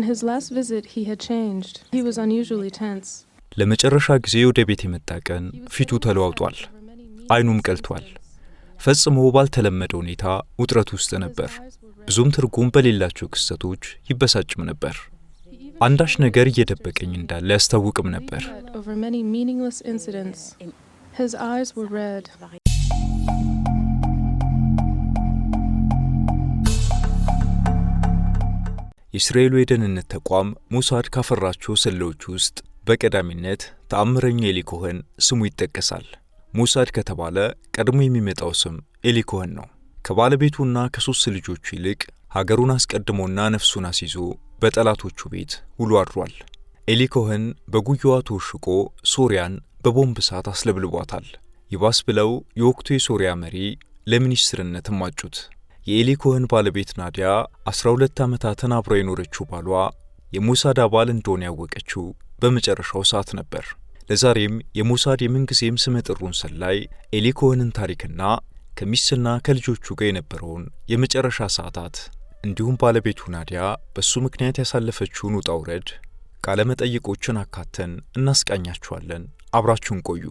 On his last visit he had changed. He was unusually tense. ለመጨረሻ ጊዜ ወደ ቤት የመጣ ቀን ፊቱ ተለዋውጧል፣ አይኑም ቀልቷል። ፈጽሞ ባልተለመደ ሁኔታ ውጥረት ውስጥ ነበር። ብዙም ትርጉም በሌላቸው ክስተቶች ይበሳጭም ነበር። አንዳች ነገር እየደበቀኝ እንዳለ ያስታውቅም ነበር። የእስራኤሉ የደህንነት ተቋም ሞሳድ ካፈራቸው ሰላዮች ውስጥ በቀዳሚነት ተአምረኛ ኤሊ ስሙ ይጠቀሳል። ሞሳድ ከተባለ ቀድሞ የሚመጣው ስም ኤሊ ኮሄን ነው። ከባለቤቱና ከሦስት ልጆቹ ይልቅ ሀገሩን አስቀድሞና ነፍሱን አስይዞ በጠላቶቹ ቤት ውሎ አድሯል። ኤሊ ኮሄን በጉያዋ ተወሽቆ ሶሪያን በቦምብ እሳት አስለብልቧታል። ይባስ ብለው የወቅቱ የሶሪያ መሪ ለሚኒስትርነትም አጩት። የኤሊ ኮህን ባለቤት ናዲያ 12 ዓመታትን አብሮ የኖረችው ባሏ የሞሳድ አባል እንደሆነ ያወቀችው በመጨረሻው ሰዓት ነበር። ለዛሬም የሞሳድ የምንጊዜም ስመ ጥሩን ሰላይ ኤሊ ኮህንን ታሪክና ከሚስትና ከልጆቹ ጋር የነበረውን የመጨረሻ ሰዓታት እንዲሁም ባለቤቱ ናዲያ በእሱ ምክንያት ያሳለፈችውን ውጣ ውረድ ቃለመጠይቆችን አካተን እናስቃኛችኋለን። አብራችሁን ቆዩ።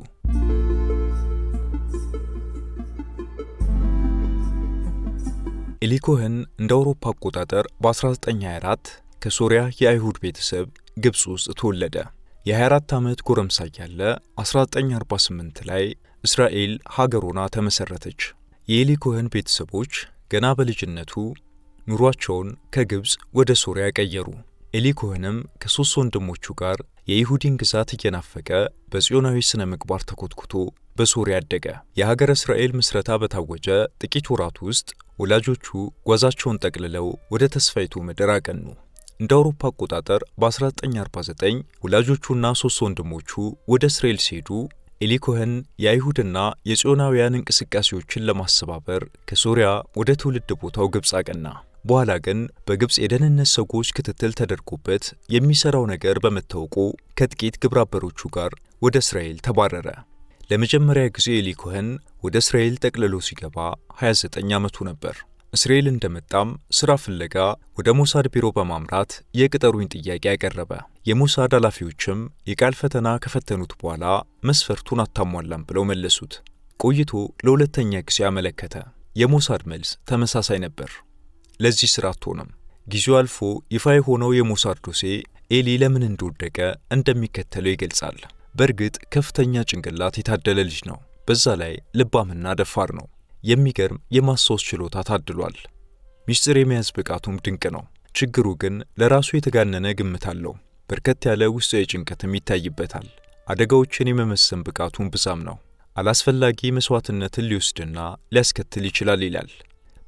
ኤሊ ኮሆን እንደ አውሮፓ አቆጣጠር በ1924 ከሶሪያ የአይሁድ ቤተሰብ ግብፅ ውስጥ ተወለደ። የ24 ዓመት ጎረምሳ እያለ 1948 ላይ እስራኤል ሀገሮና ተመሰረተች። ተመሠረተች። የኤሊ ኮሆን ቤተሰቦች ገና በልጅነቱ ኑሯቸውን ከግብፅ ወደ ሶሪያ ቀየሩ። ኤሊኮህንም ከሦስት ወንድሞቹ ጋር የይሁዲን ግዛት እየናፈቀ በጽዮናዊ ሥነ ምግባር ተኮትኩቶ በሶርያ አደገ። የሀገረ እስራኤል ምስረታ በታወጀ ጥቂት ወራት ውስጥ ወላጆቹ ጓዛቸውን ጠቅልለው ወደ ተስፋይቱ ምድር አቀኑ። እንደ አውሮፓ አቆጣጠር በ1949 ወላጆቹና ሦስት ወንድሞቹ ወደ እስራኤል ሲሄዱ ኤሊ ኮሄን የአይሁድና የጽዮናውያን እንቅስቃሴዎችን ለማሰባበር ከሶርያ ወደ ትውልድ ቦታው ግብፅ አቀና። በኋላ ግን በግብፅ የደህንነት ሰዎች ክትትል ተደርጎበት የሚሰራው ነገር በመታወቁ ከጥቂት ግብረአበሮቹ ጋር ወደ እስራኤል ተባረረ። ለመጀመሪያ ጊዜ ኤሊ ኮሄን ወደ እስራኤል ጠቅልሎ ሲገባ 29 ዓመቱ ነበር። እስራኤል እንደመጣም ስራ ፍለጋ ወደ ሞሳድ ቢሮ በማምራት የቅጠሩኝ ጥያቄ ያቀረበ። የሞሳድ ኃላፊዎችም የቃል ፈተና ከፈተኑት በኋላ መስፈርቱን አታሟላም ብለው መለሱት። ቆይቶ ለሁለተኛ ጊዜ አመለከተ። የሞሳድ መልስ ተመሳሳይ ነበር። ለዚህ ስራ አትሆንም። ጊዜው አልፎ ይፋ የሆነው የሞሳድ ዶሴ ኤሊ ለምን እንደወደቀ እንደሚከተለው ይገልጻል። በእርግጥ ከፍተኛ ጭንቅላት የታደለ ልጅ ነው። በዛ ላይ ልባምና ደፋር ነው። የሚገርም የማስታወስ ችሎታ ታድሏል። ሚስጢር የመያዝ ብቃቱም ድንቅ ነው። ችግሩ ግን ለራሱ የተጋነነ ግምት አለው። በርከት ያለ ውስጣዊ ጭንቀትም ይታይበታል። አደጋዎችን የመመሰን ብቃቱም ብዛም ነው። አላስፈላጊ መስዋዕትነትን ሊወስድና ሊያስከትል ይችላል ይላል።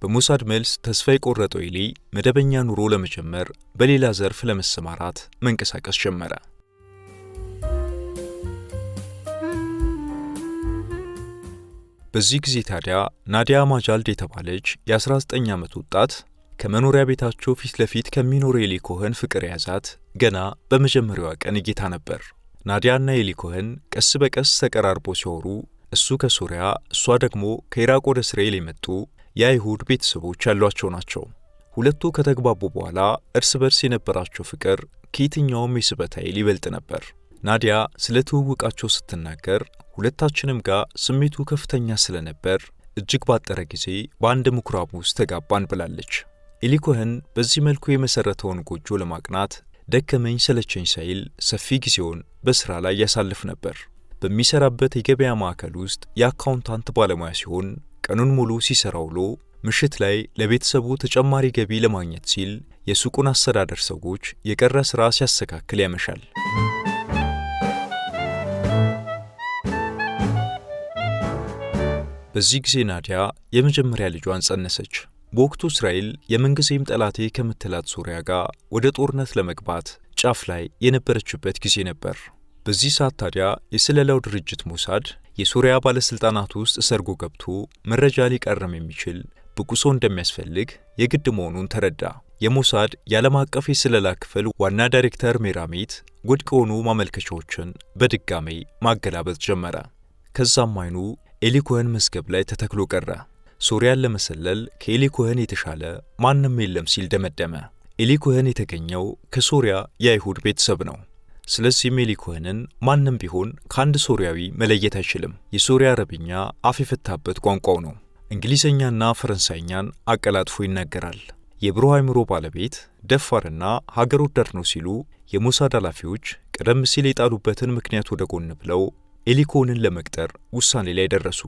በሞሳድ መልስ ተስፋ የቆረጠው ኤሊ መደበኛ ኑሮ ለመጀመር በሌላ ዘርፍ ለመሰማራት መንቀሳቀስ ጀመረ። በዚህ ጊዜ ታዲያ ናዲያ ማጃልድ የተባለች የ19 ዓመት ወጣት ከመኖሪያ ቤታቸው ፊት ለፊት ከሚኖር ኤሊ ኮህን ፍቅር የያዛት ገና በመጀመሪያዋ ቀን እጌታ ነበር። ናዲያና ኤሊ ኮህን ቀስ በቀስ ተቀራርቦ ሲወሩ እሱ ከሱሪያ እሷ ደግሞ ከኢራቅ ወደ እስራኤል የመጡ የአይሁድ ቤተሰቦች ያሏቸው ናቸው። ሁለቱ ከተግባቡ በኋላ እርስ በርስ የነበራቸው ፍቅር ከየትኛውም የስበት ኃይል ይበልጥ ነበር። ናዲያ ስለ ትውውቃቸው ስትናገር ሁለታችንም ጋር ስሜቱ ከፍተኛ ስለነበር እጅግ ባጠረ ጊዜ በአንድ ምኩራብ ውስጥ ተጋባን ብላለች። ኤሊኮህን በዚህ መልኩ የመሠረተውን ጎጆ ለማቅናት ደከመኝ ሰለቸኝ ሳይል ሰፊ ጊዜውን በሥራ ላይ ያሳልፍ ነበር። በሚሠራበት የገበያ ማዕከል ውስጥ የአካውንታንት ባለሙያ ሲሆን ቀኑን ሙሉ ሲሰራ ውሎ ምሽት ላይ ለቤተሰቡ ተጨማሪ ገቢ ለማግኘት ሲል የሱቁን አስተዳደር ሰዎች የቀረ ሥራ ሲያስተካክል ያመሻል። በዚህ ጊዜ ናዲያ የመጀመሪያ ልጇን ጸነሰች። በወቅቱ እስራኤል የምንጊዜም ጠላቴ ከምትላት ሶሪያ ጋር ወደ ጦርነት ለመግባት ጫፍ ላይ የነበረችበት ጊዜ ነበር። በዚህ ሰዓት ታዲያ የስለላው ድርጅት ሞሳድ የሱሪያ ባለሥልጣናት ውስጥ ሰርጎ ገብቶ መረጃ ሊቀርም የሚችል ብቁ ሰው እንደሚያስፈልግ የግድ መሆኑን ተረዳ። የሞሳድ የዓለም አቀፍ የስለላ ክፍል ዋና ዳይሬክተር ሜራሜት ውድቅ የሆኑ ማመልከቻዎችን በድጋሜ ማገላበጥ ጀመረ። ከዛም አይኑ ኤሊኮህን መዝገብ ላይ ተተክሎ ቀረ። ሶሪያን ለመሰለል ከኤሊ የተሻለ ማንም የለም ሲል ደመደመ። ኤሊ ኮሄን የተገኘው ከሶሪያ የአይሁድ ቤተሰብ ነው። ስለዚህ ኮህንን ማንም ቢሆን ከአንድ ሶሪያዊ መለየት አይችልም። የሶሪያ አረብኛ አፍ የፈታበት ቋንቋው ነው። እንግሊዝኛና ፈረንሳይኛን አቀላጥፎ ይናገራል። የብሩህ አእምሮ ባለቤት ደፋርና ሀገር ወዳድ ነው ሲሉ የሞሳድ ኃላፊዎች ቀደም ሲል የጣሉበትን ምክንያት ወደ ጎን ብለው ኤሊኮህንን ለመቅጠር ውሳኔ ላይ ደረሱ።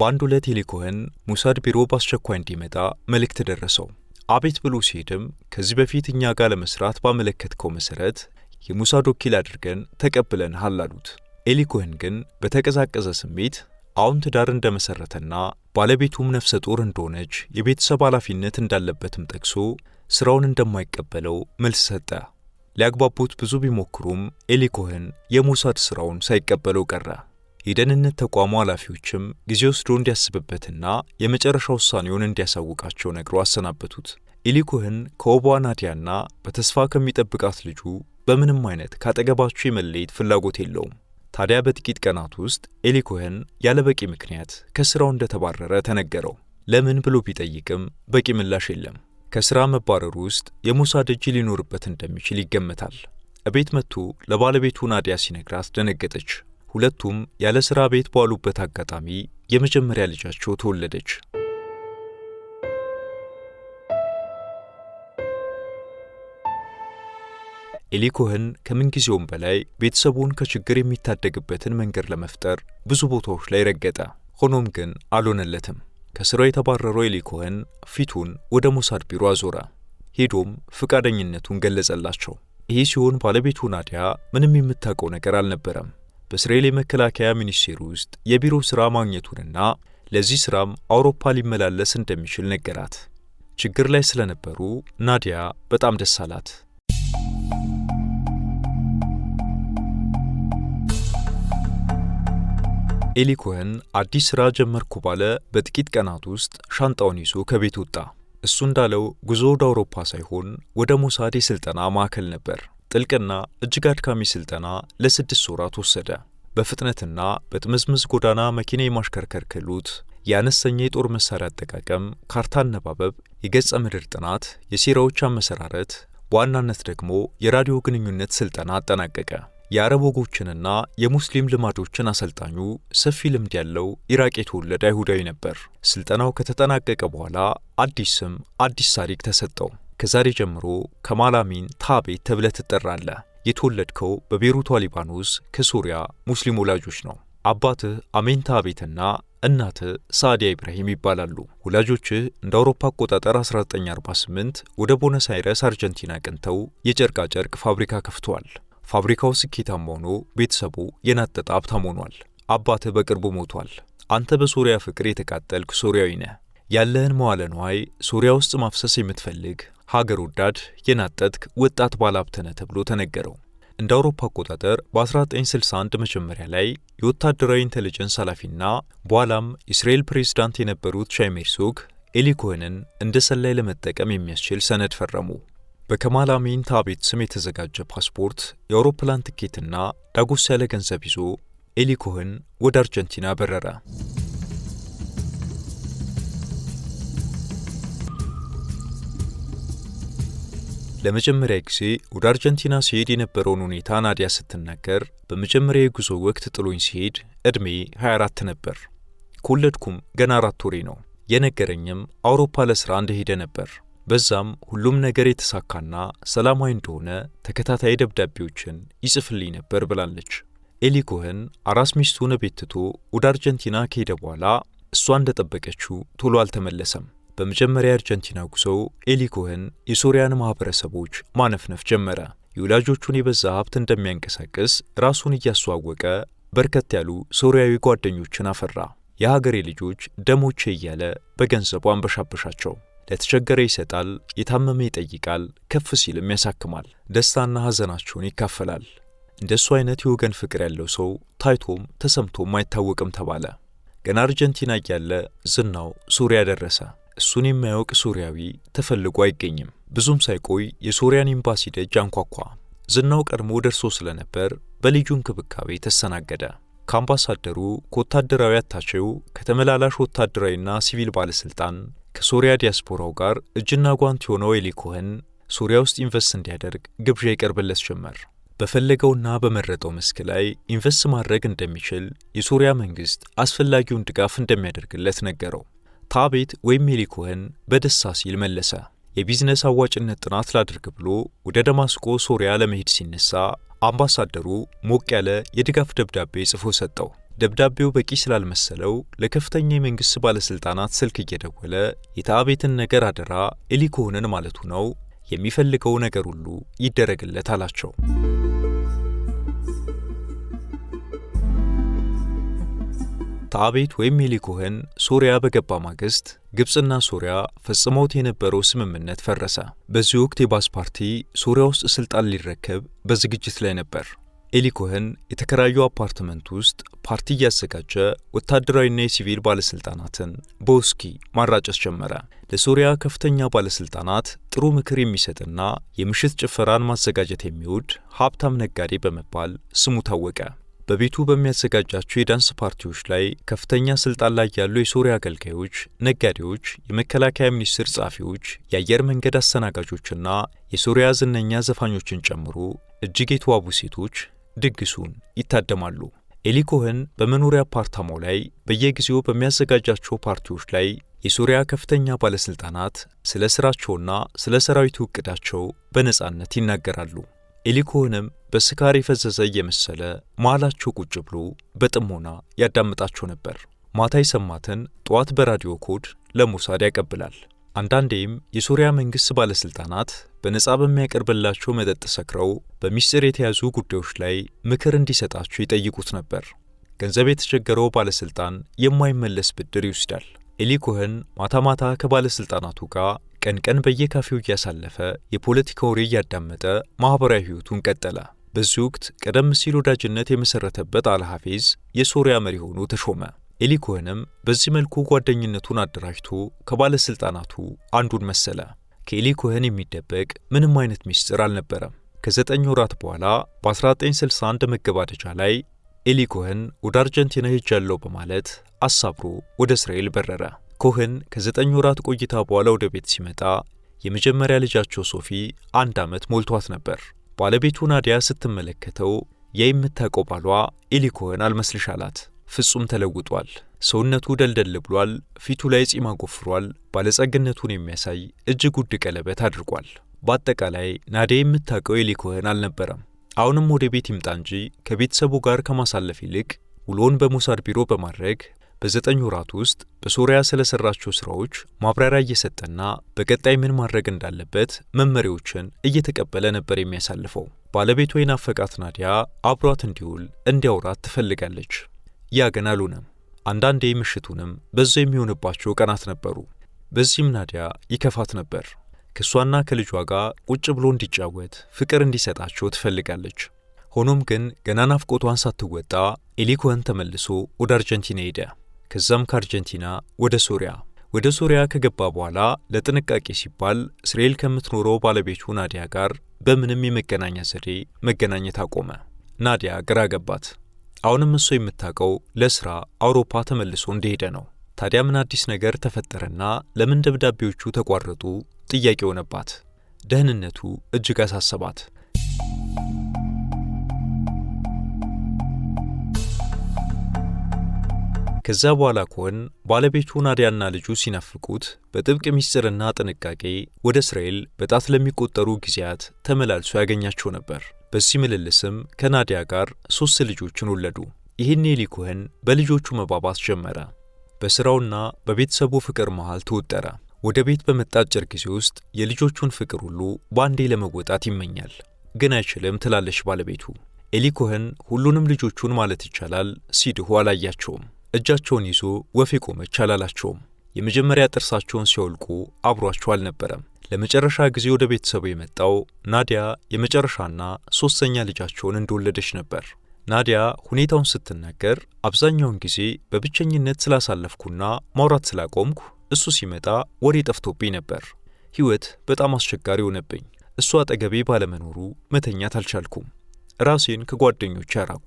በአንድ ዕለት ኤሊኮህን ሞሳድ ቢሮ በአስቸኳይ እንዲመጣ መልእክት ደረሰው። አቤት ብሎ ሲሄድም ከዚህ በፊት እኛ ጋር ለመስራት ባመለከትከው መሠረት የሙሳድ ዶኪል አድርገን ተቀብለንሃል አሉት። ኤሊ ኮሄን ግን በተቀዛቀዘ ስሜት አሁን ትዳር እንደመሰረተና ባለቤቱም ነፍሰ ጡር እንደሆነች የቤተሰብ ኃላፊነት እንዳለበትም ጠቅሶ ስራውን እንደማይቀበለው መልስ ሰጠ። ሊያግባቡት ብዙ ቢሞክሩም ኤሊ ኮሄን የሙሳድ ስራውን ሳይቀበለው ቀረ። የደህንነት ተቋሙ ኃላፊዎችም ጊዜ ወስዶ እንዲያስብበትና የመጨረሻ ውሳኔውን እንዲያሳውቃቸው ነግሮ አሰናበቱት። ኢሊኮህን ኮሄን ናዲያና በተስፋ ከሚጠብቃት ልጁ በምንም አይነት ካጠገባችሁ የመለየት ፍላጎት የለውም። ታዲያ በጥቂት ቀናት ውስጥ ኤሊ ኮሄን ያለበቂ ምክንያት ከስራው እንደተባረረ ተነገረው። ለምን ብሎ ቢጠይቅም በቂ ምላሽ የለም። ከስራ መባረሩ ውስጥ የሞሳድ እጅ ሊኖርበት እንደሚችል ይገመታል። እቤት መጥቶ ለባለቤቱ ናዲያ ሲነግራት ደነገጠች። ሁለቱም ያለ ስራ ቤት ባሉበት አጋጣሚ የመጀመሪያ ልጃቸው ተወለደች። ኤሊ ኮሄን ከምንጊዜውም በላይ ቤተሰቡን ከችግር የሚታደግበትን መንገድ ለመፍጠር ብዙ ቦታዎች ላይ ረገጠ። ሆኖም ግን አልሆነለትም። ከሥራ የተባረረው ኤሊ ኮሄን ፊቱን ወደ ሞሳድ ቢሮ አዞረ። ሄዶም ፈቃደኝነቱን ገለጸላቸው። ይህ ሲሆን ባለቤቱ ናዲያ ምንም የምታውቀው ነገር አልነበረም። በእስራኤል የመከላከያ ሚኒስቴር ውስጥ የቢሮ ሥራ ማግኘቱንና ለዚህ ሥራም አውሮፓ ሊመላለስ እንደሚችል ነገራት። ችግር ላይ ስለነበሩ ናዲያ በጣም ደስ አላት። ኤሊ ኮሄን አዲስ ስራ ጀመርኩ ባለ በጥቂት ቀናት ውስጥ ሻንጣውን ይዞ ከቤት ወጣ። እሱ እንዳለው ጉዞ ወደ አውሮፓ ሳይሆን ወደ ሞሳድ የሥልጠና ማዕከል ነበር። ጥልቅና እጅግ አድካሚ ሥልጠና ለስድስት ወራት ወሰደ። በፍጥነትና በጥምዝምዝ ጎዳና መኪና የማሽከርከር ክህሎት፣ የአነስተኛ የጦር መሳሪያ አጠቃቀም፣ ካርታ አነባበብ፣ የገጸ ምድር ጥናት፣ የሴራዎች አመሰራረት፣ በዋናነት ደግሞ የራዲዮ ግንኙነት ስልጠና አጠናቀቀ። የአረብ ወጎችንና የሙስሊም ልማዶችን አሰልጣኙ ሰፊ ልምድ ያለው ኢራቅ የተወለደ አይሁዳዊ ነበር። ስልጠናው ከተጠናቀቀ በኋላ አዲስ ስም፣ አዲስ ታሪክ ተሰጠው። ከዛሬ ጀምሮ ከማላሚን ታቤ ታቤት ተብለህ ትጠራለህ። የተወለድከው በቤሩቷ ሊባኖስ ከሱሪያ ሙስሊም ወላጆች ነው። አባትህ አሜንታ ቤትና እናትህ ሳዲያ ኢብራሂም ይባላሉ። ወላጆችህ እንደ አውሮፓ አቆጣጠር 1948 ወደ ቦነስ አይረስ አርጀንቲና የጨርቃ የጨርቃጨርቅ ፋብሪካ ከፍተዋል። ፋብሪካው ስኬታማ ሆኖ ቤተሰቡ የናጠጣ ሀብታም ሆኗል። አባትህ በቅርቡ ሞቷል። አንተ በሶሪያ ፍቅር የተቃጠልክ ሶሪያዊ ነህ። ያለህን መዋለ ንዋይ ሶሪያ ውስጥ ማፍሰስ የምትፈልግ ሀገር ወዳድ የናጠጥክ ወጣት ባለሀብት ነህ ተብሎ ተነገረው። እንደ አውሮፓ አቆጣጠር በ1961 መጀመሪያ ላይ የወታደራዊ ኢንቴሊጀንስ ኃላፊና በኋላም የእስራኤል ፕሬዝዳንት የነበሩት ሻይም ሱክ ኤሊ ኮሄንን እንደ ሰላይ ለመጠቀም የሚያስችል ሰነድ ፈረሙ። በከማል አሚን ታቤት ስም የተዘጋጀ ፓስፖርት፣ የአውሮፕላን ትኬትና ዳጎስ ያለ ገንዘብ ይዞ ኤሊ ኮሄን ወደ አርጀንቲና በረረ። ለመጀመሪያ ጊዜ ወደ አርጀንቲና ሲሄድ የነበረውን ሁኔታ ናዲያ ስትናገር በመጀመሪያ የጉዞ ወቅት ጥሎኝ ሲሄድ ዕድሜ 24 ነበር። ከወለድኩም ገና አራት ወሬ ነው። የነገረኝም አውሮፓ ለሥራ እንደሄደ ነበር። በዛም ሁሉም ነገር የተሳካና ሰላማዊ እንደሆነ ተከታታይ ደብዳቤዎችን ይጽፍልኝ ነበር ብላለች። ኤሊ ኮህን አራስ ሚስቱን ቤት ትቶ ወደ አርጀንቲና ከሄደ በኋላ እሷ እንደጠበቀችው ቶሎ አልተመለሰም። በመጀመሪያ የአርጀንቲና ጉዞ ኤሊ ኮሄን የሶሪያን ማኅበረሰቦች ማነፍነፍ ጀመረ። የወላጆቹን የበዛ ሀብት እንደሚያንቀሳቅስ ራሱን እያስተዋወቀ በርከት ያሉ ሶሪያዊ ጓደኞችን አፈራ። የሀገሬ ልጆች ደሞቼ እያለ በገንዘቡ አንበሻበሻቸው። ለተቸገረ ይሰጣል፣ የታመመ ይጠይቃል፣ ከፍ ሲልም ያሳክማል፣ ደስታና ሐዘናቸውን ይካፈላል። እንደሱ አይነት የወገን ፍቅር ያለው ሰው ታይቶም ተሰምቶም አይታወቅም ተባለ። ገና አርጀንቲና እያለ ዝናው ሱሪያ ደረሰ። እሱን የማያውቅ ሱሪያዊ ተፈልጎ አይገኝም። ብዙም ሳይቆይ የሶሪያን ኤምባሲ ደጅ አንኳኳ። ዝናው ቀድሞ ደርሶ ስለነበር በልዩ እንክብካቤ ተስተናገደ። ከአምባሳደሩ፣ ከወታደራዊ አታቼው፣ ከተመላላሽ ወታደራዊና ሲቪል ባለሥልጣን ከሶሪያ ዲያስፖራው ጋር እጅና ጓንት የሆነው ኤሊ ኮሄን ሶሪያ ውስጥ ኢንቨስት እንዲያደርግ ግብዣ ይቀርብለት ጀመር። በፈለገውና በመረጠው መስክ ላይ ኢንቨስት ማድረግ እንደሚችል የሶሪያ መንግሥት አስፈላጊውን ድጋፍ እንደሚያደርግለት ነገረው። ታቤት ወይም ሄሊ ኮሄን በደስታ ሲል መለሰ። የቢዝነስ አዋጭነት ጥናት ላድርግ ብሎ ወደ ደማስቆ ሶሪያ ለመሄድ ሲነሳ አምባሳደሩ ሞቅ ያለ የድጋፍ ደብዳቤ ጽፎ ሰጠው። ደብዳቤው በቂ ስላልመሰለው ለከፍተኛ የመንግሥት ባለሥልጣናት ስልክ እየደወለ የታቤትን ነገር አደራ ኤሊ ማለቱ ነው የሚፈልገው ነገር ሁሉ ይደረግለት አላቸው። ታቤት ወይም ኤሊ ኮሆን ሶሪያ በገባ ማግስት ግብፅና ሶሪያ ፈጽመውት የነበረው ስምምነት ፈረሰ። በዚህ ወቅት የባስ ፓርቲ ሶሪያ ውስጥ ስልጣን ሊረከብ በዝግጅት ላይ ነበር። ኤሊ ኮሆን የተከራየው አፓርትመንት ውስጥ ፓርቲ እያዘጋጀ ወታደራዊና የሲቪል ባለሥልጣናትን በውስኪ ማራጨስ ጀመረ። ለሶሪያ ከፍተኛ ባለሥልጣናት ጥሩ ምክር የሚሰጥና የምሽት ጭፈራን ማዘጋጀት የሚወድ ሀብታም ነጋዴ በመባል ስሙ ታወቀ። በቤቱ በሚያዘጋጃቸው የዳንስ ፓርቲዎች ላይ ከፍተኛ ስልጣን ላይ ያሉ የሶሪያ አገልጋዮች፣ ነጋዴዎች፣ የመከላከያ ሚኒስቴር ጸሐፊዎች፣ የአየር መንገድ አስተናጋጆችና የሶሪያ ዝነኛ ዘፋኞችን ጨምሮ እጅግ የተዋቡ ሴቶች ድግሱን ይታደማሉ። ኤሊ ኮህን በመኖሪያ አፓርታማው ላይ በየጊዜው በሚያዘጋጃቸው ፓርቲዎች ላይ የሶሪያ ከፍተኛ ባለሥልጣናት ስለ ሥራቸውና ስለ ሰራዊቱ ዕቅዳቸው በነጻነት ይናገራሉ። ኤሊ ኮህንም በስካር የፈዘዘ እየመሰለ መሃላቸው ቁጭ ብሎ በጥሞና ያዳምጣቸው ነበር። ማታ የሰማትን ጠዋት በራዲዮ ኮድ ለሞሳድ ያቀብላል። አንዳንዴም የሶሪያ መንግሥት ባለሥልጣናት በነፃ በሚያቀርብላቸው መጠጥ ሰክረው በሚስጢር የተያዙ ጉዳዮች ላይ ምክር እንዲሰጣቸው ይጠይቁት ነበር። ገንዘብ የተቸገረው ባለሥልጣን የማይመለስ ብድር ይወስዳል። ኤሊ ኮሄን ማታ ማታ ከባለሥልጣናቱ ጋር ቀን ቀን በየካፌው እያሳለፈ የፖለቲካ ወሬ እያዳመጠ ማኅበራዊ ሕይወቱን ቀጠለ። በዚህ ወቅት ቀደም ሲል ወዳጅነት የመሠረተበት አልሐፊዝ የሶሪያ መሪ ሆኖ ተሾመ። ኤሊ ኮሄንም በዚህ መልኩ ጓደኝነቱን አደራጅቶ ከባለሥልጣናቱ አንዱን መሰለ። ከኤሊ ኮሄን የሚደበቅ ምንም አይነት ሚስጥር አልነበረም። ከዘጠኝ ወራት በኋላ በ1961 መገባደጃ ላይ ኤሊ ኮሄን ወደ አርጀንቲና ሄጃለሁ በማለት አሳብሮ ወደ እስራኤል በረረ። ኮሄን ከዘጠኝ ወራት ቆይታ በኋላ ወደ ቤት ሲመጣ የመጀመሪያ ልጃቸው ሶፊ አንድ ዓመት ሞልቷት ነበር። ባለቤቱ ናዲያ ስትመለከተው የምታውቀው ባሏ ኤሊኮህን አልመስልሽ አላት። ፍጹም ተለውጧል። ሰውነቱ ደልደል ብሏል። ፊቱ ላይ ጺም አጎፍሯል። ባለጸግነቱን የሚያሳይ እጅግ ውድ ቀለበት አድርጓል። በአጠቃላይ ናዲያ የምታውቀው ኤሊኮህን አልነበረም። አሁንም ወደ ቤት ይምጣ እንጂ ከቤተሰቡ ጋር ከማሳለፍ ይልቅ ውሎን በሞሳድ ቢሮ በማድረግ በዘጠኝ ወራት ውስጥ በሶሪያ ስለሰራቸው ስራዎች ማብራሪያ እየሰጠና በቀጣይ ምን ማድረግ እንዳለበት መመሪያዎችን እየተቀበለ ነበር የሚያሳልፈው። ወይን የናፈቃት ናዲያ አብሯት እንዲውል እንዲያውራት ትፈልጋለች። ያ ግን አልሆነም። አንዳንዴ ምሽቱንም በዛ የሚሆንባቸው ቀናት ነበሩ። በዚህም ናዲያ ይከፋት ነበር። ከእሷና ከልጇ ጋር ቁጭ ብሎ እንዲጫወት ፍቅር እንዲሰጣቸው ትፈልጋለች። ሆኖም ግን ገና ናፍቆቷን ሳትወጣ ኤሊኮን ተመልሶ ወደ አርጀንቲና ሄደ። ከዛም ከአርጀንቲና ወደ ሶሪያ ወደ ሶሪያ ከገባ በኋላ ለጥንቃቄ ሲባል እስራኤል ከምትኖረው ባለቤቱ ናዲያ ጋር በምንም የመገናኛ ዘዴ መገናኘት አቆመ። ናዲያ ግራ ገባት። አሁንም እሷ የምታውቀው ለስራ አውሮፓ ተመልሶ እንደሄደ ነው። ታዲያ ምን አዲስ ነገር ተፈጠረና ለምን ደብዳቤዎቹ ተቋረጡ ጥያቄ ሆነባት። ደህንነቱ እጅግ አሳሰባት። ከዛ በኋላ ኮን ባለቤቱ ናዲያና ልጁ ሲናፍቁት በጥብቅ ምስጢርና ጥንቃቄ ወደ እስራኤል በጣት ለሚቆጠሩ ጊዜያት ተመላልሶ ያገኛቸው ነበር። በዚህ ምልልስም ከናዲያ ጋር ሦስት ልጆችን ወለዱ። ይህን ኤሊ ኮህን በልጆቹ መባባስ ጀመረ። በሥራውና በቤተሰቡ ፍቅር መሃል ተወጠረ። ወደ ቤት በመጣ አጭር ጊዜ ውስጥ የልጆቹን ፍቅር ሁሉ በአንዴ ለመወጣት ይመኛል፣ ግን አይችልም ትላለች ባለቤቱ። ኤሊ ኮህን ሁሉንም ልጆቹን ማለት ይቻላል ሲድሁ አላያቸውም። እጃቸውን ይዞ ወፌ ቆመች አላላቸውም። የመጀመሪያ ጥርሳቸውን ሲወልቁ አብሯቸው አልነበረም። ለመጨረሻ ጊዜ ወደ ቤተሰቡ የመጣው ናዲያ የመጨረሻና ሶስተኛ ልጃቸውን እንደወለደች ነበር። ናዲያ ሁኔታውን ስትናገር አብዛኛውን ጊዜ በብቸኝነት ስላሳለፍኩና ማውራት ስላቆምኩ እሱ ሲመጣ ወሬ ጠፍቶብኝ ነበር። ሕይወት በጣም አስቸጋሪ ሆነብኝ። እሱ አጠገቤ ባለመኖሩ መተኛት አልቻልኩም። ራሴን ከጓደኞች ያራኩ።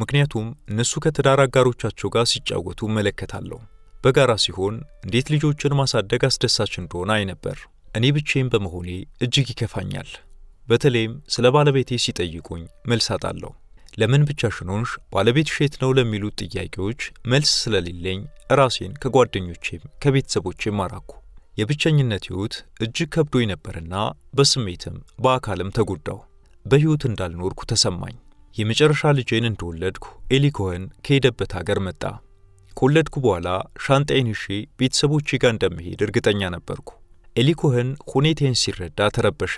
ምክንያቱም እነሱ ከትዳር አጋሮቻቸው ጋር ሲጫወቱ እመለከታለሁ። በጋራ ሲሆን እንዴት ልጆችን ማሳደግ አስደሳች እንደሆነ አይ ነበር። እኔ ብቼም በመሆኔ እጅግ ይከፋኛል። በተለይም ስለ ባለቤቴ ሲጠይቁኝ መልስ አጣለሁ። ለምን ብቻሽን ሆንሽ? ባለቤት ሼት ነው ለሚሉት ጥያቄዎች መልስ ስለሌለኝ ራሴን ከጓደኞቼም ከቤተሰቦቼም አራኩ። የብቸኝነት ሕይወት እጅግ ከብዶኝ ነበርና በስሜትም በአካልም ተጎዳሁ። በሕይወት እንዳልኖርኩ ተሰማኝ። የመጨረሻ ልጄን እንደወለድኩ ኤሊ ኮሄን ከሄደበት አገር መጣ። ከወለድኩ በኋላ ሻንጣዬን ይዤ ቤተሰቦቼ ጋር እንደምሄድ እርግጠኛ ነበርኩ። ኤሊ ኮሄን ሁኔታዬን ሲረዳ ተረበሸ።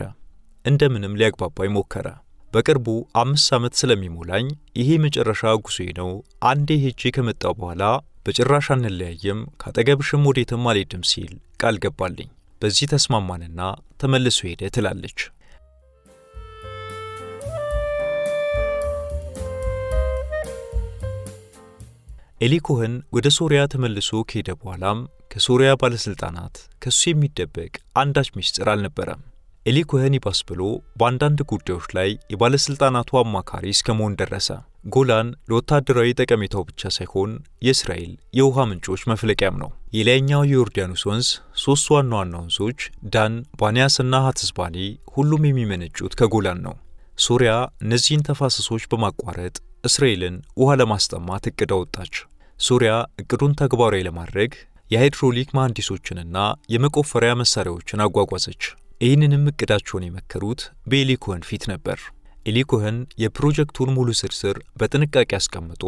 እንደምንም ሊያግባባኝ ሞከረ። በቅርቡ አምስት ዓመት ስለሚሞላኝ ይሄ መጨረሻ ጉዞ ነው፣ አንዴ ሄጄ ከመጣሁ በኋላ በጭራሽ አንለያየም፣ ካጠገብሽም ወዴትም አልሄድም ሲል ቃል ገባልኝ። በዚህ ተስማማንና ተመልሶ ሄደ ትላለች። ኤሊ ኮሆን ወደ ሶሪያ ተመልሶ ከሄደ በኋላም ከሶሪያ ባለሥልጣናት ከሱ የሚደበቅ አንዳች ምስጢር አልነበረም። ኤሊ ኮሆን ይባስ ብሎ በአንዳንድ ጉዳዮች ላይ የባለሥልጣናቱ አማካሪ እስከ መሆን ደረሰ። ጎላን ለወታደራዊ ጠቀሜታው ብቻ ሳይሆን የእስራኤል የውሃ ምንጮች መፍለቂያም ነው። የላይኛው የዮርዳኖስ ወንዝ፣ ሦስት ዋና ዋና ወንዞች ዳን፣ ባንያስና ሀትዝባኔ ሁሉም የሚመነጩት ከጎላን ነው። ሶሪያ እነዚህን ተፋሰሶች በማቋረጥ እስራኤልን ውሃ ለማስጠማት እቅድ አወጣች። ሱሪያ እቅዱን ተግባራዊ ለማድረግ የሃይድሮሊክ መሐንዲሶችንና የመቆፈሪያ መሳሪያዎችን አጓጓዘች። ይህንንም እቅዳቸውን የመከሩት በኤሊ ፊት ነበር። ኤሊ የፕሮጀክቱን ሙሉ ዝርዝር በጥንቃቄ አስቀምጦ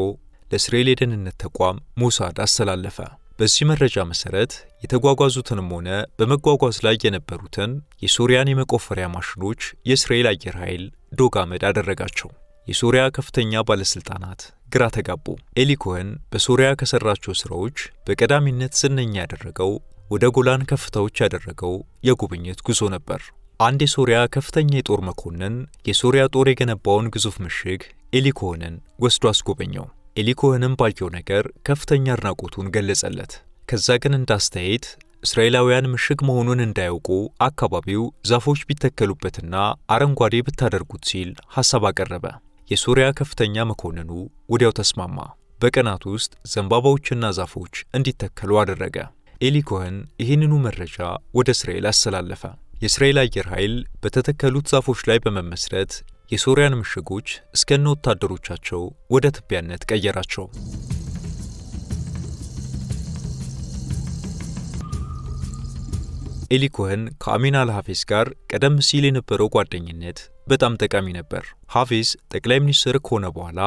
ለእስራኤል የደህንነት ተቋም ሞሳድ አስተላለፈ። በዚህ መረጃ መሠረት የተጓጓዙትንም ሆነ በመጓጓዝ ላይ የነበሩትን የሶሪያን የመቆፈሪያ ማሽኖች የእስራኤል አየር ኃይል ዶግ አመድ አደረጋቸው። የሶሪያ ከፍተኛ ባለሥልጣናት ግራ ተጋቡ። ኤሊ ኮሄን በሶሪያ ከሠራቸው ሥራዎች በቀዳሚነት ዝነኛ ያደረገው ወደ ጎላን ከፍታዎች ያደረገው የጉብኝት ጉዞ ነበር። አንድ የሶሪያ ከፍተኛ የጦር መኮንን የሶሪያ ጦር የገነባውን ግዙፍ ምሽግ ኤሊ ኮሄንን ወስዶ አስጎበኘው። ኤሊ ኮሄንም ባየው ነገር ከፍተኛ አድናቆቱን ገለጸለት። ከዛ ግን እንዳስተያየት እስራኤላውያን ምሽግ መሆኑን እንዳያውቁ አካባቢው ዛፎች ቢተከሉበትና አረንጓዴ ብታደርጉት ሲል ሐሳብ አቀረበ። የሶሪያ ከፍተኛ መኮንኑ ወዲያው ተስማማ። በቀናት ውስጥ ዘንባባዎችና ዛፎች እንዲተከሉ አደረገ። ኤሊ ኮህን ይህንኑ መረጃ ወደ እስራኤል አስተላለፈ። የእስራኤል አየር ኃይል በተተከሉት ዛፎች ላይ በመመስረት የሶሪያን ምሽጎች እስከነ ወታደሮቻቸው ወደ ትቢያነት ቀየራቸው። ኤሊ ኮህን ከአሚናል አልሃፊዝ ጋር ቀደም ሲል የነበረው ጓደኝነት በጣም ጠቃሚ ነበር። ሃፊዝ ጠቅላይ ሚኒስትር ከሆነ በኋላ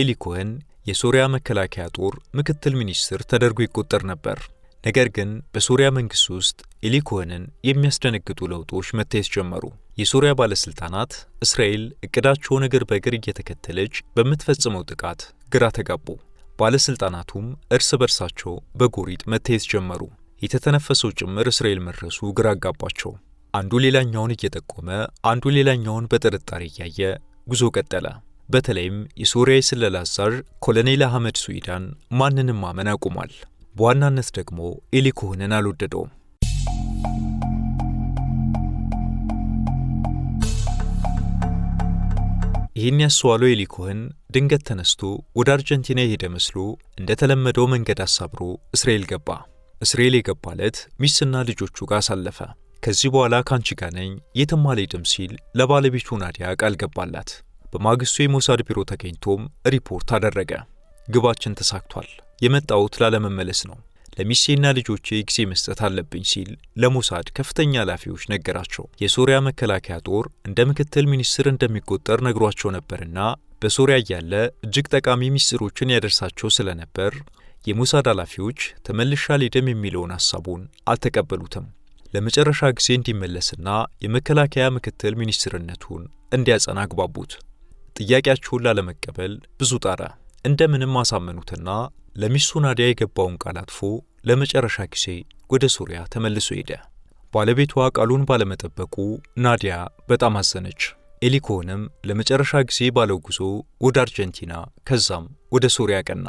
ኤሊ ኮህን የሶሪያ መከላከያ ጦር ምክትል ሚኒስትር ተደርጎ ይቆጠር ነበር። ነገር ግን በሶሪያ መንግስት ውስጥ ኤሊ ኮሄንን የሚያስደነግጡ ለውጦች መታየት ጀመሩ። የሶሪያ ባለስልጣናት እስራኤል እቅዳቸውን እግር በእግር እየተከተለች በምትፈጽመው ጥቃት ግራ ተጋቡ። ባለስልጣናቱም እርስ በርሳቸው በጎሪጥ መታየት ጀመሩ። የተተነፈሰው ጭምር እስራኤል መድረሱ ግራ አጋባቸው። አንዱ ሌላኛውን እየጠቆመ፣ አንዱ ሌላኛውን በጥርጣሬ እያየ ጉዞ ቀጠለ። በተለይም የሶሪያ የስለላ አዛዥ ኮሎኔል አህመድ ሱዊዳን ማንንም ማመን አቁሟል። በዋናነት ደግሞ ኤሊ ኮህንን አልወደደውም። ይህን ያስተዋለው ኤሊ ኮህን ድንገት ተነስቶ ወደ አርጀንቲና የሄደ መስሎ እንደተለመደው መንገድ አሳብሮ እስራኤል ገባ። እስራኤል የገባለት ሚስትና ልጆቹ ጋር አሳለፈ። ከዚህ በኋላ ካንቺ ጋር ነኝ የትም አልሄድም ሲል ለባለቤቱ ናዲያ ቃል ገባላት። በማግስቱ የሞሳድ ቢሮ ተገኝቶም ሪፖርት አደረገ። ግባችን ተሳክቷል፣ የመጣሁት ላለመመለስ ነው፣ ለሚስቴና ልጆቼ ጊዜ መስጠት አለብኝ ሲል ለሞሳድ ከፍተኛ ኃላፊዎች ነገራቸው። የሶሪያ መከላከያ ጦር እንደ ምክትል ሚኒስትር እንደሚቆጠር ነግሯቸው ነበርና በሶሪያ እያለ እጅግ ጠቃሚ ሚስጥሮችን ያደርሳቸው ስለነበር የሞሳድ ኃላፊዎች ተመልሻ አልሄድም የሚለውን ሐሳቡን አልተቀበሉትም። ለመጨረሻ ጊዜ እንዲመለስና የመከላከያ ምክትል ሚኒስትርነቱን እንዲያጸና አግባቡት። ጥያቄያቸውን ላለመቀበል ብዙ ጣረ። እንደምንም አሳመኑትና ለሚስቱ ናዲያ የገባውን ቃል አጥፎ ለመጨረሻ ጊዜ ወደ ሱሪያ ተመልሶ ሄደ። ባለቤቷ ቃሉን ባለመጠበቁ ናዲያ በጣም አዘነች። ኤሊኮንም ለመጨረሻ ጊዜ ባለው ጉዞ ወደ አርጀንቲና ከዛም ወደ ሱሪያ ቀና።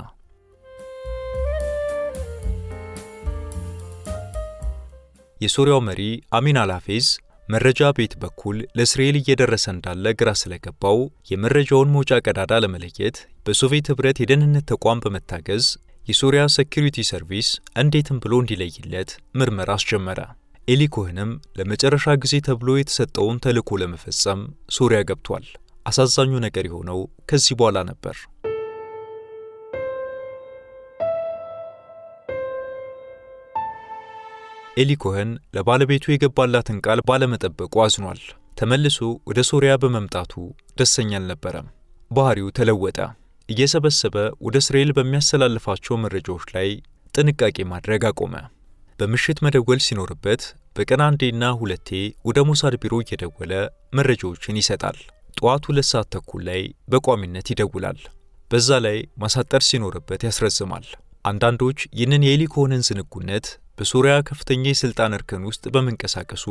የሶሪያው መሪ አሚን አላፌዝ መረጃ ቤት በኩል ለእስራኤል እየደረሰ እንዳለ ግራ ስለገባው የመረጃውን መውጫ ቀዳዳ ለመለየት በሶቪየት ኅብረት የደህንነት ተቋም በመታገዝ የሶሪያ ሴኪሪቲ ሰርቪስ እንዴትም ብሎ እንዲለይለት ምርመራ አስጀመረ። ኤሊ ኮህንም ለመጨረሻ ጊዜ ተብሎ የተሰጠውን ተልዕኮ ለመፈጸም ሶሪያ ገብቷል። አሳዛኙ ነገር የሆነው ከዚህ በኋላ ነበር። ኤሊ ኮኸን ለባለቤቱ የገባላትን ቃል ባለመጠበቁ አዝኗል። ተመልሶ ወደ ሶሪያ በመምጣቱ ደስተኛ አልነበረም። ባህሪው ተለወጠ። እየሰበሰበ ወደ እስራኤል በሚያስተላልፋቸው መረጃዎች ላይ ጥንቃቄ ማድረግ አቆመ። በምሽት መደወል ሲኖርበት በቀን አንዴና ሁለቴ ወደ ሞሳድ ቢሮ እየደወለ መረጃዎችን ይሰጣል። ጠዋት ሁለት ሰዓት ተኩል ላይ በቋሚነት ይደውላል። በዛ ላይ ማሳጠር ሲኖርበት ያስረዝማል። አንዳንዶች ይህንን የኤሊ ኮኸንን ዝንጉነት በሶሪያ ከፍተኛ የሥልጣን እርከን ውስጥ በመንቀሳቀሱ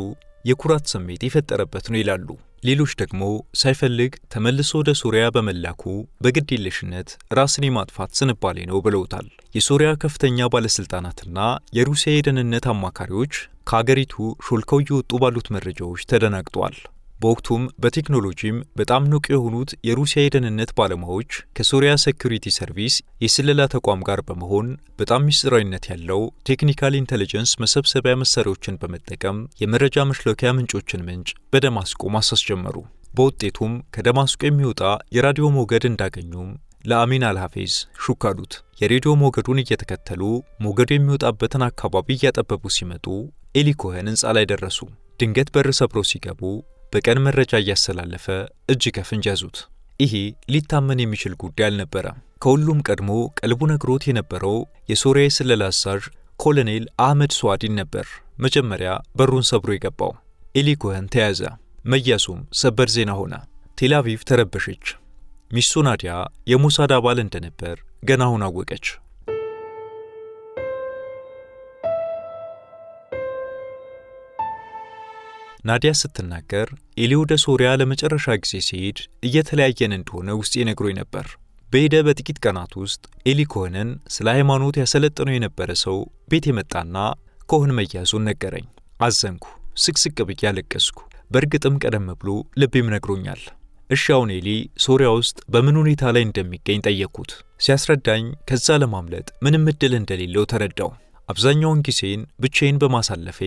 የኩራት ስሜት የፈጠረበት ነው ይላሉ። ሌሎች ደግሞ ሳይፈልግ ተመልሶ ወደ ሶሪያ በመላኩ በግድየለሽነት ራስን የማጥፋት ዝንባሌ ነው ብለውታል። የሶሪያ ከፍተኛ ባለሥልጣናትና የሩሲያ የደህንነት አማካሪዎች ከአገሪቱ ሾልከው እየወጡ ባሉት መረጃዎች ተደናግጧል። በወቅቱም በቴክኖሎጂም በጣም ንቁ የሆኑት የሩሲያ የደህንነት ባለሙያዎች ከሶሪያ ሴኩሪቲ ሰርቪስ የስለላ ተቋም ጋር በመሆን በጣም ምስጢራዊነት ያለው ቴክኒካል ኢንቴሊጀንስ መሰብሰቢያ መሳሪያዎችን በመጠቀም የመረጃ መሽለኪያ ምንጮችን ምንጭ በደማስቆ ማሳስ ጀመሩ። በውጤቱም ከደማስቆ የሚወጣ የራዲዮ ሞገድ እንዳገኙም ለአሚን አልሐፌዝ ሹክ አሉት። የሬዲዮ ሞገዱን እየተከተሉ ሞገዱ የሚወጣበትን አካባቢ እያጠበቡ ሲመጡ ኤሊ ኮሄን ህንፃ ላይ ደረሱ። ድንገት በር ሰብረው ሲገቡ በቀን መረጃ እያስተላለፈ እጅ ከፍንጅ ያዙት። ይሄ ሊታመን የሚችል ጉዳይ አልነበረም። ከሁሉም ቀድሞ ቀልቡ ነግሮት የነበረው የሶሪያ የስለላ አዛዥ ኮሎኔል አህመድ ሱዋዲን ነበር። መጀመሪያ በሩን ሰብሮ የገባው ኤሊ ኮሄን ተያዘ። መያሱም ሰበር ዜና ሆነ። ቴላቪቭ ተረበሸች። ሚስቱ ናዲያ የሞሳድ አባል እንደነበር ገና አሁን አወቀች። ናዲያ ስትናገር ኤሊ ወደ ሶሪያ ለመጨረሻ ጊዜ ሲሄድ እየተለያየን እንደሆነ ውስጤ ነግሮኝ ነበር። በሄደ በጥቂት ቀናት ውስጥ ኤሊ ኮህንን ስለ ሃይማኖት ያሰለጠነው የነበረ ሰው ቤት የመጣና ኮህን መያዙን ነገረኝ። አዘንኩ፣ ስቅስቅ ብዬ አለቀስኩ። በእርግጥም ቀደም ብሎ ልቤም ነግሮኛል። እሻውን ኤሊ ሶሪያ ውስጥ በምን ሁኔታ ላይ እንደሚገኝ ጠየቅኩት። ሲያስረዳኝ ከዛ ለማምለጥ ምንም እድል እንደሌለው ተረዳው። አብዛኛውን ጊዜን ብቻዬን በማሳለፌ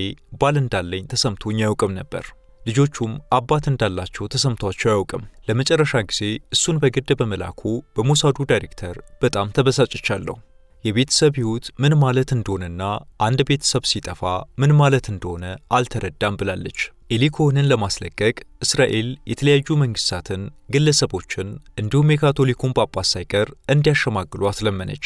ባል እንዳለኝ ተሰምቶኝ አያውቅም ነበር። ልጆቹም አባት እንዳላቸው ተሰምቷቸው አያውቅም። ለመጨረሻ ጊዜ እሱን በግድ በመላኩ በሞሳዱ ዳይሬክተር በጣም ተበሳጭቻለሁ። የቤተሰብ ሕይወት ምን ማለት እንደሆነና አንድ ቤተሰብ ሲጠፋ ምን ማለት እንደሆነ አልተረዳም ብላለች። ኤሊ ለማስለቀቅ እስራኤል የተለያዩ መንግስታትን፣ ግለሰቦችን እንዲሁም የካቶሊኩን ጳጳስ ሳይቀር እንዲያሸማግሉ አስለመነች።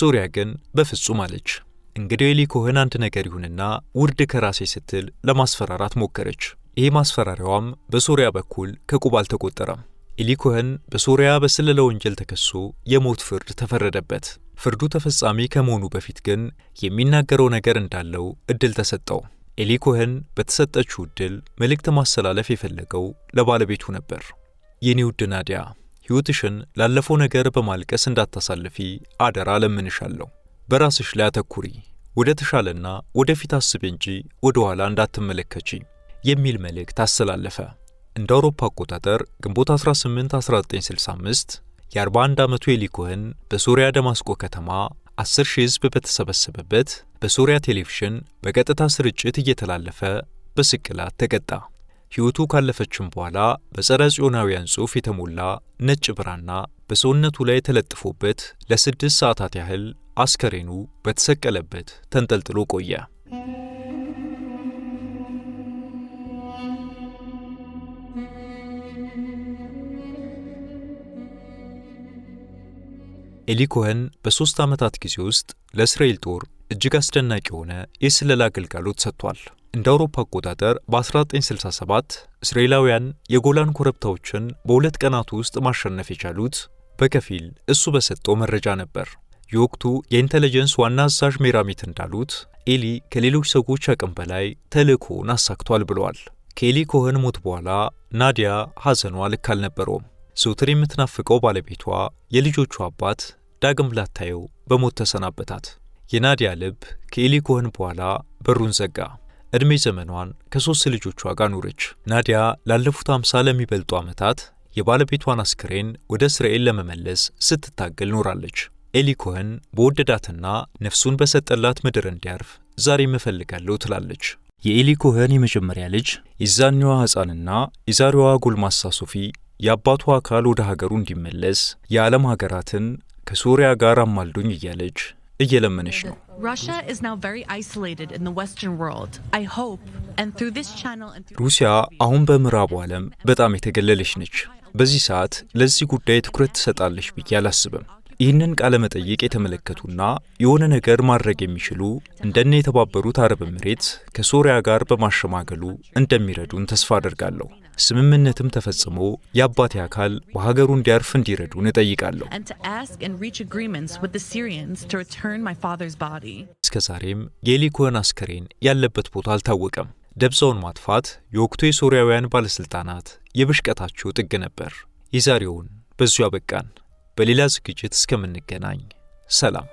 ሶሪያ ግን በፍጹም አለች። እንግዲህ ኤሊ ኮሄን አንድ ነገር ይሁንና ውርድ ከራሴ ስትል ለማስፈራራት ሞከረች። ይህ ማስፈራሪያዋም በሶሪያ በኩል ከቁብ አልተቆጠረም። ኤሊ ኮሄን በሶሪያ በስለላ ወንጀል ተከሶ የሞት ፍርድ ተፈረደበት። ፍርዱ ተፈጻሚ ከመሆኑ በፊት ግን የሚናገረው ነገር እንዳለው እድል ተሰጠው። ኤሊ ኮሄን በተሰጠችው እድል መልእክት ማስተላለፍ የፈለገው ለባለቤቱ ነበር። የኔ ውድ ናዲያ፣ ሕይወትሽን ላለፈው ነገር በማልቀስ እንዳታሳልፊ አደራ ለምንሻለሁ። በራስሽ ላይ አተኩሪ፣ ወደ ተሻለና ወደፊት አስብ እንጂ ወደ ኋላ እንዳትመለከቺ የሚል መልእክት አስተላለፈ። እንደ አውሮፓ አቆጣጠር ግንቦት 18 1965 የ41 ዓመቱ ኤሊ ኮህን በሱሪያ ደማስቆ ከተማ 10 ሺህ ሕዝብ በተሰበሰበበት በሱሪያ ቴሌቪዥን በቀጥታ ስርጭት እየተላለፈ በስቅላት ተቀጣ። ሕይወቱ ካለፈችም በኋላ በጸረ ጽዮናውያን ጽሑፍ የተሞላ ነጭ ብራና በሰውነቱ ላይ ተለጥፎበት ለስድስት ሰዓታት ያህል አስከሬኑ በተሰቀለበት ተንጠልጥሎ ቆየ። ኤሊ ኮሄን በሦስት ዓመታት ጊዜ ውስጥ ለእስራኤል ጦር እጅግ አስደናቂ የሆነ የስለላ አገልጋሎት ሰጥቷል። እንደ አውሮፓ አቆጣጠር በ1967 እስራኤላውያን የጎላን ኮረብታዎችን በሁለት ቀናት ውስጥ ማሸነፍ የቻሉት በከፊል እሱ በሰጠው መረጃ ነበር። የወቅቱ የኢንቴሊጀንስ ዋና አዛዥ ሜራሚት እንዳሉት ኤሊ ከሌሎች ሰዎች አቅም በላይ ተልእኮውን አሳክቷል ብለዋል። ከኤሊ ኮህን ሞት በኋላ ናዲያ ሐዘኗ ልክ አልነበረውም። ዘውትር የምትናፍቀው ባለቤቷ፣ የልጆቹ አባት ዳግም ላታየው በሞት ተሰናበታት። የናዲያ ልብ ከኤሊ ኮህን በኋላ በሩን ዘጋ። ዕድሜ ዘመኗን ከሦስት ልጆቿ ጋር ኖረች። ናዲያ ላለፉት አምሳ ለሚበልጡ ዓመታት የባለቤቷን አስክሬን ወደ እስራኤል ለመመለስ ስትታገል ኖራለች። ኤሊ ኮህን በወደዳትና ነፍሱን በሰጠላት ምድር እንዲያርፍ ዛሬ እፈልጋለሁ ትላለች። የኤሊ ኮህን የመጀመሪያ ልጅ የዛኔዋ ሕፃንና የዛሬዋ ጎልማሳ ሶፊ የአባቱ አካል ወደ ሀገሩ እንዲመለስ የዓለም ሀገራትን ከሶሪያ ጋር አማልዶኝ እያለች እየለመነች ነው። ሩሲያ አሁን በምዕራቡ ዓለም በጣም የተገለለች ነች። በዚህ ሰዓት ለዚህ ጉዳይ ትኩረት ትሰጣለች ብዬ አላስብም። ይህንን ቃለ መጠይቅ የተመለከቱና የሆነ ነገር ማድረግ የሚችሉ እንደነ የተባበሩት አረብ ምሬት ከሶሪያ ጋር በማሸማገሉ እንደሚረዱን ተስፋ አደርጋለሁ። ስምምነትም ተፈጽሞ የአባቴ አካል በሀገሩ እንዲያርፍ እንዲረዱን እጠይቃለሁ። እስከ ዛሬም የኤሊ ኮሄን አስከሬን ያለበት ቦታ አልታወቀም። ደብዛውን ማጥፋት የወቅቱ የሶሪያውያን ባለሥልጣናት የብሽቀታቸው ጥግ ነበር። የዛሬውን በዚሁ አበቃን። በሌላ ዝግጅት እስከምንገናኝ ሰላም።